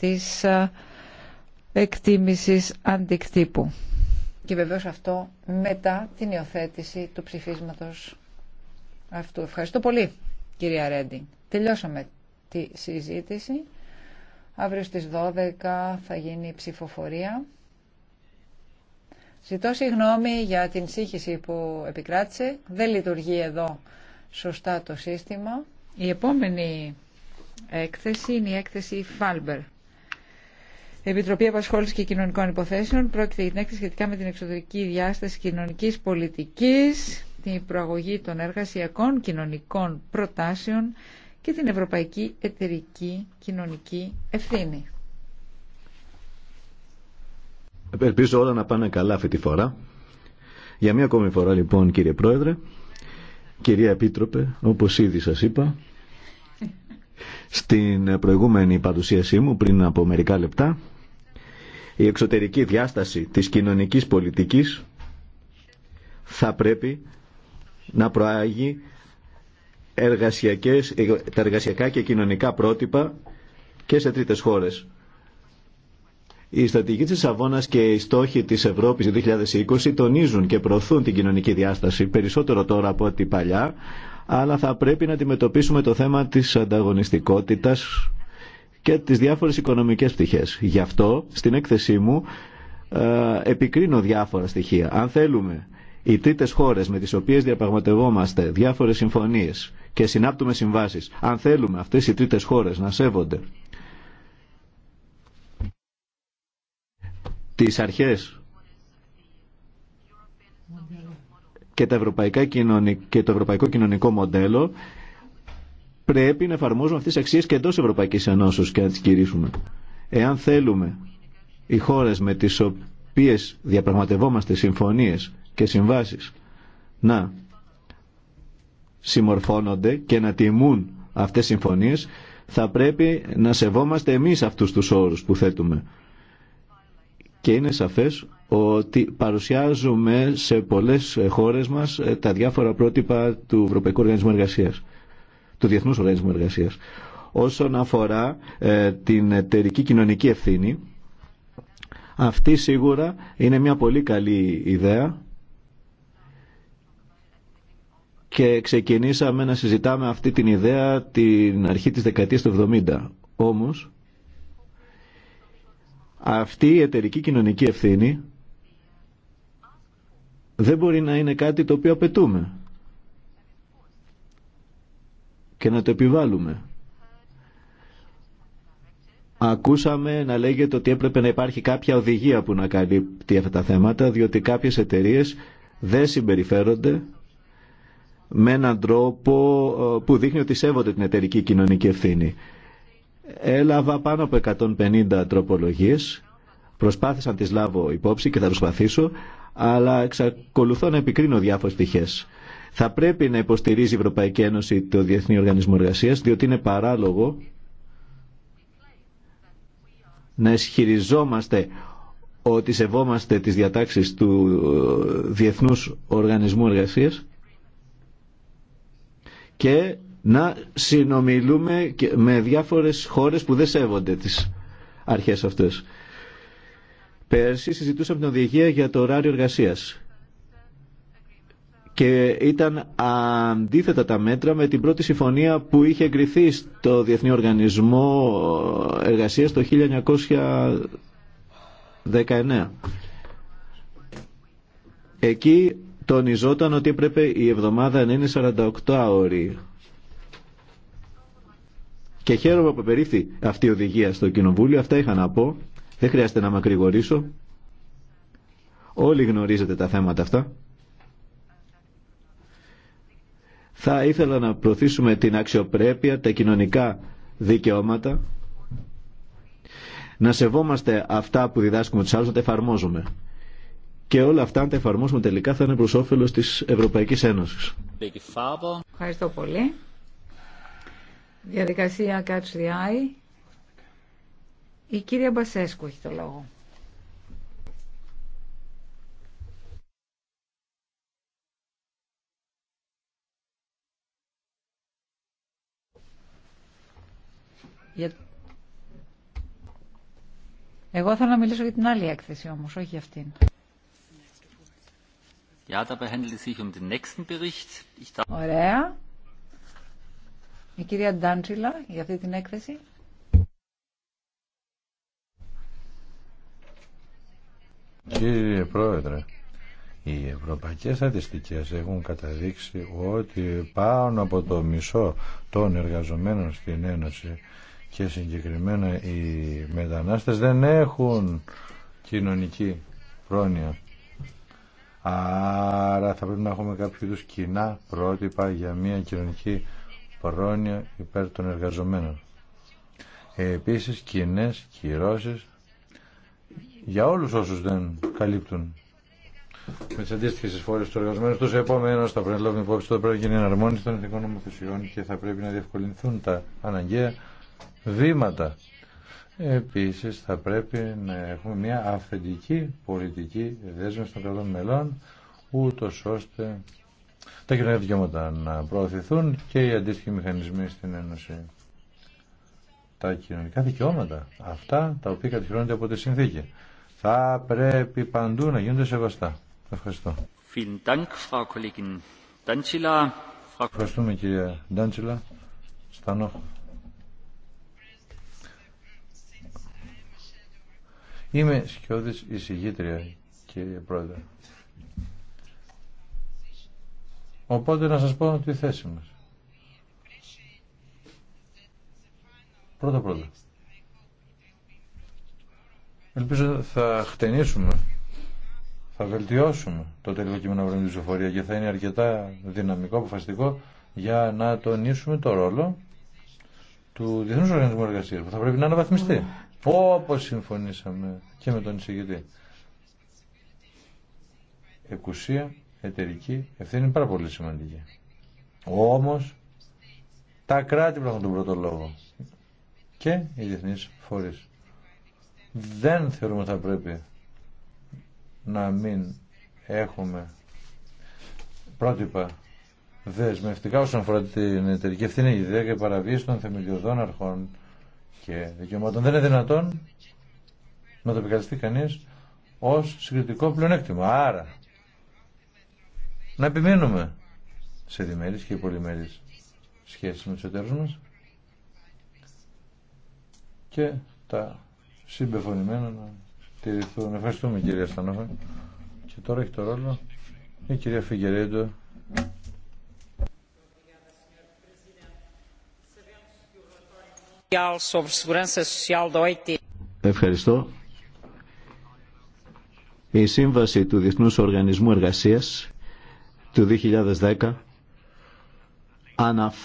της ε, εκτίμησης αντικτύπου. Και βεβαίως αυτό μετά την υιοθέτηση του ψηφίσματος αυτού. Ευχαριστώ πολύ κυρία Ρέντινγκ. Τελειώσαμε τη συζήτηση. Αύριο στις 12 θα γίνει η ψηφοφορία. Ζητώ συγγνώμη για την σύγχυση που επικράτησε. Δεν λειτουργεί εδώ σωστά το σύστημα. Η επόμενη έκθεση είναι η έκθεση Φάλμπερ. Επιτροπή Απασχόληση και Κοινωνικών Υποθέσεων πρόκειται για την έκθεση σχετικά με την εξωτερική διάσταση κοινωνικής πολιτικής, την προαγωγή των εργασιακών κοινωνικών προτάσεων και την ευρωπαϊκή εταιρική κοινωνική ευθύνη. Ελπίζω όλα να πάνε καλά αυτή τη φορά. Για μία ακόμη φορά λοιπόν κύριε Πρόεδρε, κυρία Επίτροπε, όπως ήδη σας είπα, στην προηγούμενη παρουσίασή μου, πριν από μερικά λεπτά, η εξωτερική διάσταση της κοινωνικής πολιτικής θα πρέπει να προάγει εργασιακές, τα εργασιακά και κοινωνικά πρότυπα και σε τρίτες χώρες. Η στρατηγική της Σαββόνας και οι στόχοι της Ευρώπης 2020 τονίζουν και προωθούν την κοινωνική διάσταση περισσότερο τώρα από ό,τι παλιά αλλά θα πρέπει να αντιμετωπίσουμε το θέμα της ανταγωνιστικότητας και τις διάφορες οικονομικές πτυχές. Γι' αυτό στην έκθεσή μου ε, επικρίνω διάφορα στοιχεία. Αν θέλουμε οι τρίτε χώρε με τι οποίε διαπραγματευόμαστε διάφορε συμφωνίε και συνάπτουμε συμβάσεις, αν θέλουμε αυτέ οι τρίτε χώρε να σέβονται τι αρχέ και, ευρωπαϊκά το ευρωπαϊκό κοινωνικό μοντέλο πρέπει να εφαρμόζουμε αυτές τις αξίες και εντός Ευρωπαϊκής Ενώσεως και να τις κηρύσουμε. Εάν θέλουμε οι χώρες με τις οποίες διαπραγματευόμαστε συμφωνίες και συμβάσεις να συμμορφώνονται και να τιμούν αυτές τις συμφωνίες, θα πρέπει να σεβόμαστε εμείς αυτούς τους όρους που θέτουμε. Και είναι σαφές ότι παρουσιάζουμε σε πολλές χώρες μας ε, τα διάφορα πρότυπα του Ευρωπαϊκού Οργανισμού Εργασίας, του Διεθνούς Οργανισμού Εργασίας. Όσον αφορά ε, την εταιρική κοινωνική ευθύνη, αυτή σίγουρα είναι μια πολύ καλή ιδέα και ξεκινήσαμε να συζητάμε αυτή την ιδέα την αρχή της δεκαετίας του 70. Όμως, αυτή η εταιρική κοινωνική ευθύνη δεν μπορεί να είναι κάτι το οποίο απαιτούμε και να το επιβάλλουμε. Ακούσαμε να λέγεται ότι έπρεπε να υπάρχει κάποια οδηγία που να καλύπτει αυτά τα θέματα, διότι κάποιες εταιρείες δεν συμπεριφέρονται με έναν τρόπο ε, που δείχνει ότι σέβονται την εταιρική κοινωνική ευθύνη. Έλαβα πάνω από 150 τροπολογίες Προσπάθησα να τις λάβω υπόψη και θα προσπαθήσω, αλλά εξακολουθώ να επικρίνω διάφορες πτυχές. Θα πρέπει να υποστηρίζει η Ευρωπαϊκή Ένωση το Διεθνή Οργανισμό Εργασίας, διότι είναι παράλογο να ισχυριζόμαστε ότι σεβόμαστε τις διατάξεις του Διεθνούς Οργανισμού Εργασίας και να συνομιλούμε με διάφορες χώρες που δεν σέβονται τις αρχές αυτές. Πέρσι συζητούσαμε την οδηγία για το ωράριο εργασίας και ήταν αντίθετα τα μέτρα με την πρώτη συμφωνία που είχε εγκριθεί στο Διεθνή Οργανισμό Εργασίας το 1919. Εκεί τονιζόταν ότι έπρεπε η εβδομάδα να είναι 48 ώρες. Και χαίρομαι που περίφθη αυτή η οδηγία στο Κοινοβούλιο. Αυτά είχα να πω. Δεν χρειάζεται να μακρηγορήσω. Όλοι γνωρίζετε τα θέματα αυτά. Θα ήθελα να προωθήσουμε την αξιοπρέπεια, τα κοινωνικά δικαιώματα, να σεβόμαστε αυτά που διδάσκουμε τους άλλους, να τα εφαρμόζουμε. Και όλα αυτά, αν τα εφαρμόσουμε τελικά, θα είναι προς όφελος της Ευρωπαϊκής Ένωσης. Ευχαριστώ πολύ. Διαδικασία Catch the Eye. Η κυρία Μπασέσκου έχει το λόγο. Εγώ θα να μιλήσω για την άλλη έκθεση όμως, όχι για αυτήν. Um Ωραία. Η κυρία Ντάντσιλα για αυτή την έκθεση. Κύριε Πρόεδρε, οι ευρωπαϊκές στατιστικές έχουν καταδείξει ότι πάνω από το μισό των εργαζομένων στην Ένωση και συγκεκριμένα οι μετανάστες δεν έχουν κοινωνική πρόνοια. Άρα θα πρέπει να έχουμε κάποιο κοινά πρότυπα για μια κοινωνική πρόνοια υπέρ των εργαζομένων. Επίσης κοινέ κυρώσεις για όλους όσους δεν καλύπτουν με τι αντίστοιχε εισφορέ του εργαζομένου του. επόμενο, θα πρέπει να λάβουμε υπόψη ότι πρέπει να γίνει εναρμόνιση των εθνικών νομοθεσιών και θα πρέπει να διευκολυνθούν τα αναγκαία βήματα. Επίση, θα πρέπει να έχουμε μια αυθεντική πολιτική δέσμευση των κρατών μελών, ούτω ώστε τα κοινωνικά δικαιώματα να προωθηθούν και οι αντίστοιχοι μηχανισμοί στην Ένωση. Τα κοινωνικά δικαιώματα, αυτά τα οποία κατηχρώνονται από τη συνθήκη θα πρέπει παντού να γίνονται σεβαστά. Ευχαριστώ. Ευχαριστούμε κυρία Ντάντσιλα. Στανό. Είμαι σκιώδης εισηγήτρια κύριε Πρόεδρε. Οπότε να σας πω τη θέση μας. Πρώτα πρώτα. Ελπίζω θα χτενίσουμε, θα βελτιώσουμε το τελικό κείμενο πριν τη ψηφοφορία και θα είναι αρκετά δυναμικό, αποφασιστικό για να τονίσουμε το ρόλο του Διεθνούς Οργανισμού Εργασίας που θα πρέπει να αναβαθμιστεί. Όπω συμφωνήσαμε και με τον εισηγητή. Εκουσία, εταιρική, ευθύνη είναι πάρα πολύ σημαντική. Όμω, τα κράτη πρέπει τον πρώτο λόγο και οι διεθνεί φορεί δεν θεωρούμε ότι θα πρέπει να μην έχουμε πρότυπα δεσμευτικά όσον αφορά την εταιρική ευθύνη ιδέα και παραβίαση των θεμελιωδών αρχών και δικαιωμάτων. Δεν είναι δυνατόν να το επικαλεστεί κανείς ως συγκριτικό πλεονέκτημα. Άρα, να επιμείνουμε σε διμερείς και πολυμερείς σχέσεις με τους εταίρους μας και τα συμπεφωνημένα να τηρηθούν. Ευχαριστούμε κυρία Στανόφα. Και τώρα έχει το ρόλο η κυρία Φιγκερέντο. Ευχαριστώ. Η σύμβαση του Διεθνούς Οργανισμού Εργασίας του 2010 αναφέρει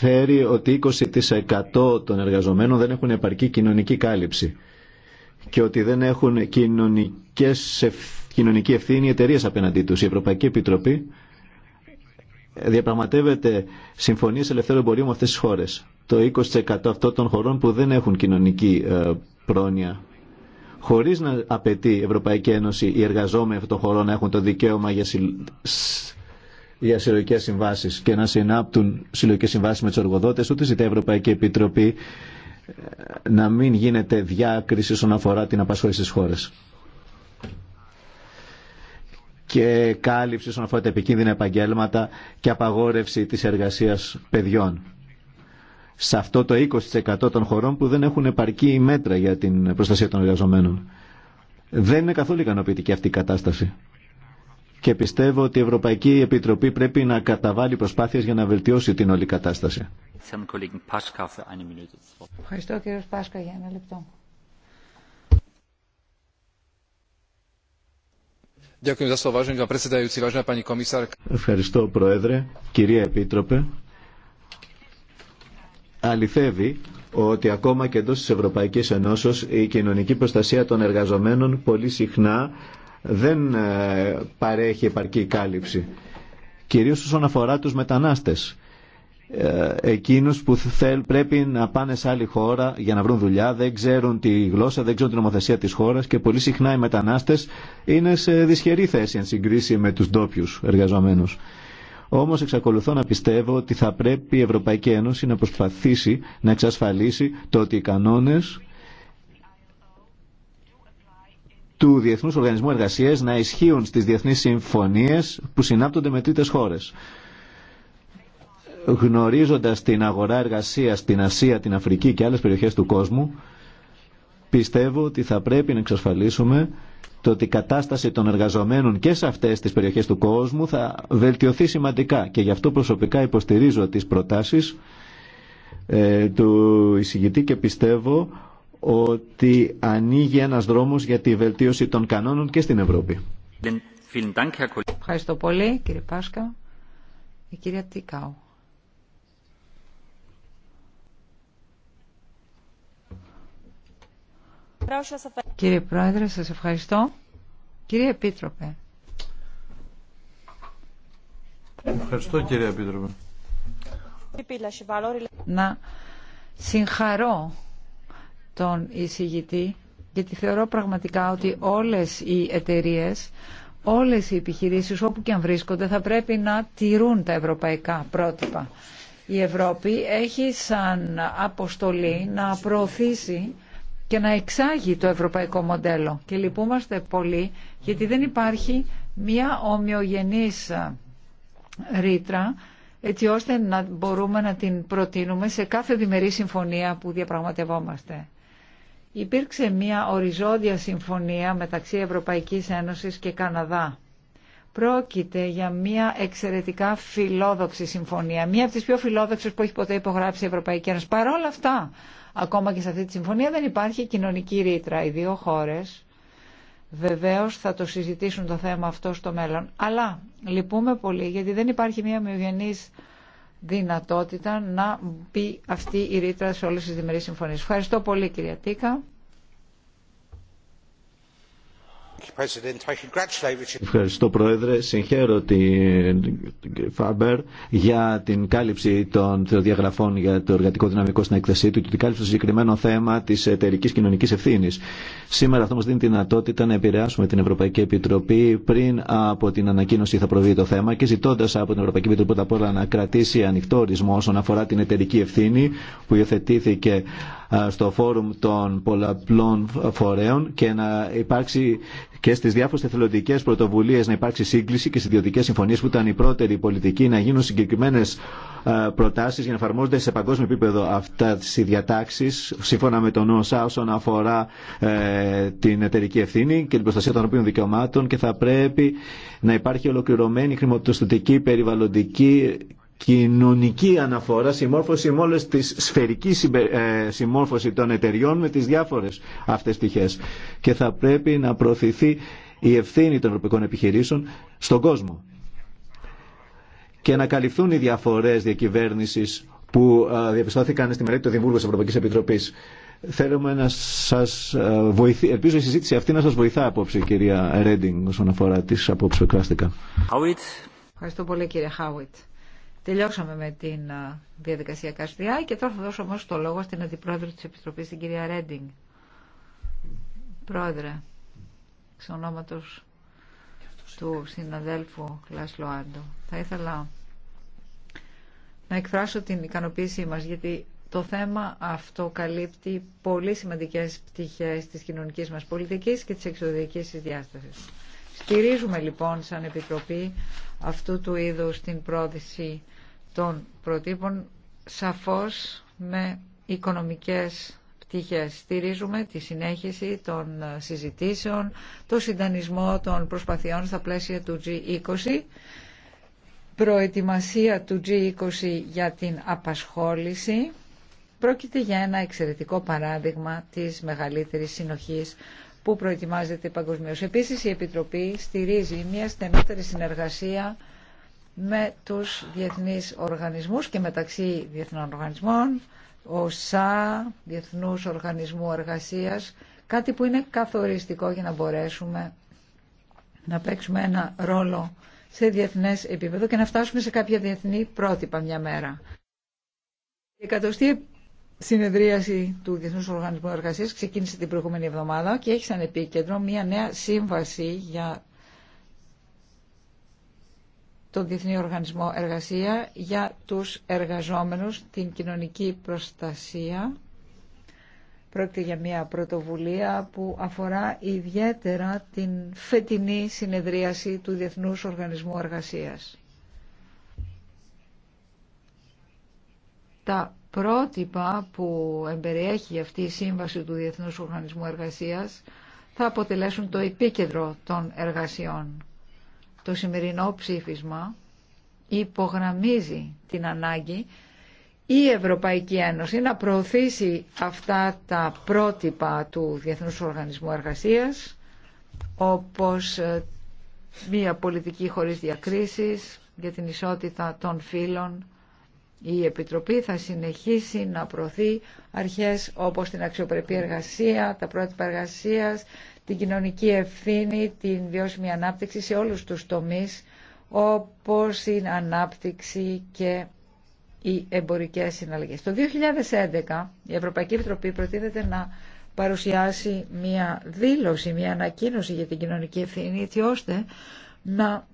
Φέρει ότι 20% των εργαζομένων δεν έχουν επαρκή κοινωνική κάλυψη και ότι δεν έχουν κοινωνική ευθύνη οι εταιρείε απέναντί τους. Η Ευρωπαϊκή Επιτροπή διαπραγματεύεται συμφωνίες ελευθερω εμπορίου με αυτές τις χώρες. Το 20% αυτών των χωρών που δεν έχουν κοινωνική ε, πρόνοια χωρίς να απαιτεί η Ευρωπαϊκή Ένωση οι εργαζόμενοι αυτών των χωρών να έχουν το δικαίωμα για για συλλογικέ συμβάσει και να συνάπτουν συλλογικέ συμβάσει με του εργοδότε, ούτε ζητάει η Ευρωπαϊκή Επιτροπή ε, να μην γίνεται διάκριση όσον αφορά την απασχόληση στι χώρε. Και κάλυψη όσον αφορά τα επικίνδυνα επαγγέλματα και απαγόρευση τη εργασία παιδιών. Σε αυτό το 20% των χωρών που δεν έχουν επαρκή μέτρα για την προστασία των εργαζομένων. Δεν είναι καθόλου ικανοποιητική αυτή η κατάσταση και πιστεύω ότι η Ευρωπαϊκή Επιτροπή πρέπει να καταβάλει προσπάθειες για να βελτιώσει την όλη κατάσταση. Ευχαριστώ κύριο Πάσκα για ένα λεπτό. Ευχαριστώ Πρόεδρε, κυρία Επίτροπε. Αληθεύει ότι ακόμα και εντός της ευρωπαϊκή Ενώσεως η κοινωνική προστασία των εργαζομένων πολύ συχνά δεν ε, παρέχει επαρκή κάλυψη. Κυρίως όσον αφορά τους μετανάστες. Ε, εκείνους που θέλ, πρέπει να πάνε σε άλλη χώρα για να βρουν δουλειά, δεν ξέρουν τη γλώσσα, δεν ξέρουν την νομοθεσία της χώρας και πολύ συχνά οι μετανάστες είναι σε δυσχερή θέση εν συγκρίση με τους ντόπιου εργαζομένους. Όμως εξακολουθώ να πιστεύω ότι θα πρέπει η Ευρωπαϊκή Ένωση να προσπαθήσει να εξασφαλίσει το ότι οι κανόνες του Διεθνούς Οργανισμού Εργασίας να ισχύουν στις διεθνείς συμφωνίες που συνάπτονται με τρίτες χώρες. Γνωρίζοντας την αγορά εργασίας στην Ασία, την Αφρική και άλλες περιοχές του κόσμου, πιστεύω ότι θα πρέπει να εξασφαλίσουμε το ότι η κατάσταση των εργαζομένων και σε αυτές τις περιοχές του κόσμου θα βελτιωθεί σημαντικά και γι' αυτό προσωπικά υποστηρίζω τις προτάσεις ε, του εισηγητή και πιστεύω ότι ανοίγει ένας δρόμος για τη βελτίωση των κανόνων και στην Ευρώπη. Ευχαριστώ πολύ κύριε Πάσκα. Η κυρία Τικάου. Κύριε Πρόεδρε, σας ευχαριστώ. Κύριε Επίτροπε. Ευχαριστώ κύριε Επίτροπε. Να συγχαρώ τον εισηγητή γιατί θεωρώ πραγματικά ότι όλες οι εταιρείες, όλες οι επιχειρήσεις όπου και αν βρίσκονται θα πρέπει να τηρούν τα ευρωπαϊκά πρότυπα. Η Ευρώπη έχει σαν αποστολή να προωθήσει και να εξάγει το ευρωπαϊκό μοντέλο. Και λυπούμαστε πολύ γιατί δεν υπάρχει μια ομοιογενής ρήτρα έτσι ώστε να μπορούμε να την προτείνουμε σε κάθε διμερή συμφωνία που διαπραγματευόμαστε. Υπήρξε μια οριζόντια συμφωνία μεταξύ Ευρωπαϊκής Ένωσης και Καναδά. Πρόκειται για μια εξαιρετικά φιλόδοξη συμφωνία, μια από τις πιο φιλόδοξες που έχει ποτέ υπογράψει η Ευρωπαϊκή Ένωση. Παρ' όλα αυτά, ακόμα και σε αυτή τη συμφωνία δεν υπάρχει κοινωνική ρήτρα. Οι δύο χώρες βεβαίως θα το συζητήσουν το θέμα αυτό στο μέλλον. Αλλά λυπούμε πολύ γιατί δεν υπάρχει μια μειογενής δυνατότητα να μπει αυτή η ρήτρα σε όλες τις διμερείς συμφωνίες. Ευχαριστώ πολύ κυρία Τίκα. Ευχαριστώ Πρόεδρε. Συγχαίρω την Φάμπερ για την κάλυψη των θεοδιαγραφών για το εργατικό δυναμικό στην έκθεσή του και την κάλυψη στο συγκεκριμένο θέμα τη εταιρική κοινωνική ευθύνη. Σήμερα αυτό μα δίνει τη δυνατότητα να επηρεάσουμε την Ευρωπαϊκή Επιτροπή πριν από την ανακοίνωση θα προβεί το θέμα και ζητώντα από την Ευρωπαϊκή Επιτροπή πρώτα απ' όλα να κρατήσει ανοιχτό ορισμό όσον αφορά την εταιρική ευθύνη που υιοθετήθηκε στο φόρουμ των πολλαπλών φορέων και να υπάρξει και στι διάφορε εθελοντικέ πρωτοβουλίε να υπάρξει σύγκληση και στι ιδιωτικέ συμφωνίε που ήταν η πρώτερη πολιτική να γίνουν συγκεκριμένε ε, προτάσει για να εφαρμόζονται σε παγκόσμιο επίπεδο αυτά οι διατάξει σύμφωνα με τον ΩΣΑ όσον αφορά ε, την εταιρική ευθύνη και την προστασία των ανθρωπίνων δικαιωμάτων και θα πρέπει να υπάρχει ολοκληρωμένη χρηματοστατική, περιβαλλοντική κοινωνική αναφορά, συμμόρφωση με όλες τις σφαιρική ε, συμμόρφωση των εταιριών με τις διάφορες αυτές πτυχές. Και θα πρέπει να προωθηθεί η ευθύνη των ευρωπαϊκών επιχειρήσεων στον κόσμο και να καλυφθούν οι διαφορές διακυβέρνησης που ε, διαπιστώθηκαν στη μελέτη του Δημβούργου της Ευρωπαϊκής Επιτροπής. Θέλουμε να σας ε, βοηθήσει, ελπίζω η συζήτηση αυτή να σα βοηθά απόψε κυρία Ρέντινγκ όσον αφορά τι απόψει που εκφράστηκαν. Ευχαριστώ πολύ κύριε Χάουιτ. Τελειώσαμε με την διαδικασία Καστριά και τώρα θα δώσω όμως το λόγο στην Αντιπρόεδρο της Επιτροπής, την κυρία Ρέντινγκ. Πρόεδρε, εξ ονόματος του συναδέλφου Κλάς Λοάντο, θα ήθελα να εκφράσω την ικανοποίησή μας γιατί το θέμα αυτό καλύπτει πολύ σημαντικές πτυχές της κοινωνικής μας πολιτικής και της εξωτερικής της διάστασης. Στηρίζουμε λοιπόν σαν Επιτροπή αυτού του είδους την πρόθεση των προτύπων σαφώς με οικονομικές πτυχές. Στηρίζουμε τη συνέχιση των συζητήσεων, το συντανισμό των προσπαθειών στα πλαίσια του G20, προετοιμασία του G20 για την απασχόληση. Πρόκειται για ένα εξαιρετικό παράδειγμα της μεγαλύτερης συνοχής που προετοιμάζεται παγκοσμίω. Επίση, η Επιτροπή στηρίζει μια στενότερη συνεργασία με τους διεθνείς οργανισμούς και μεταξύ διεθνών οργανισμών, ΟΣΑ, Διεθνούς Οργανισμού εργασία, κάτι που είναι καθοριστικό για να μπορέσουμε να παίξουμε ένα ρόλο σε διεθνές επίπεδο και να φτάσουμε σε κάποια διεθνή πρότυπα μια μέρα. Η συνεδρίαση του Διεθνούς Οργανισμού Εργασίας ξεκίνησε την προηγούμενη εβδομάδα και έχει σαν επίκεντρο μια νέα σύμβαση για τον Διεθνή Οργανισμό Εργασία για τους εργαζόμενους, την κοινωνική προστασία. Πρόκειται για μια πρωτοβουλία που αφορά ιδιαίτερα την φετινή συνεδρίαση του Διεθνούς Οργανισμού Εργασίας. Τα πρότυπα που εμπεριέχει αυτή η σύμβαση του Διεθνούς Οργανισμού Εργασίας θα αποτελέσουν το επίκεντρο των εργασιών. Το σημερινό ψήφισμα υπογραμμίζει την ανάγκη η Ευρωπαϊκή Ένωση να προωθήσει αυτά τα πρότυπα του Διεθνούς Οργανισμού Εργασίας όπως ε, μια πολιτική χωρίς διακρίσεις για την ισότητα των φύλων η Επιτροπή θα συνεχίσει να προωθεί αρχές όπως την αξιοπρεπή εργασία, τα πρότυπα εργασία, την κοινωνική ευθύνη, την βιώσιμη ανάπτυξη σε όλους τους τομείς όπως η ανάπτυξη και οι εμπορικές συναλλαγές. Το 2011 η Ευρωπαϊκή Επιτροπή προτείνεται να παρουσιάσει μία δήλωση, μία ανακοίνωση για την κοινωνική ευθύνη έτσι ώστε να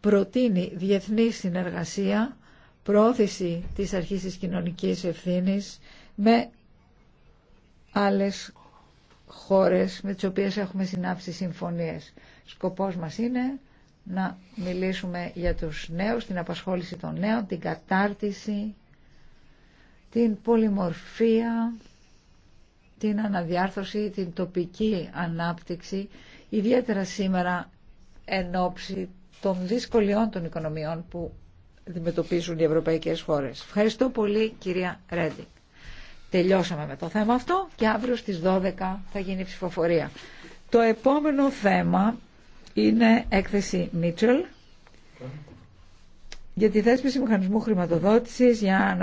προτείνει διεθνή συνεργασία πρόθεση της αρχής της κοινωνικής ευθύνης με άλλες χώρες με τις οποίες έχουμε συνάψει συμφωνίες. Σκοπός μας είναι να μιλήσουμε για τους νέους, την απασχόληση των νέων, την κατάρτιση, την πολυμορφία, την αναδιάρθρωση, την τοπική ανάπτυξη, ιδιαίτερα σήμερα εν ώψη των δυσκολιών των οικονομιών που αντιμετωπίζουν οι ευρωπαϊκές χώρες. Ευχαριστώ πολύ κυρία Ρέντινγκ. Τελειώσαμε με το θέμα αυτό και αύριο στις 12 θα γίνει η ψηφοφορία. Το επόμενο θέμα είναι έκθεση Μίτσελ για τη θέσπιση μηχανισμού χρηματοδότησης για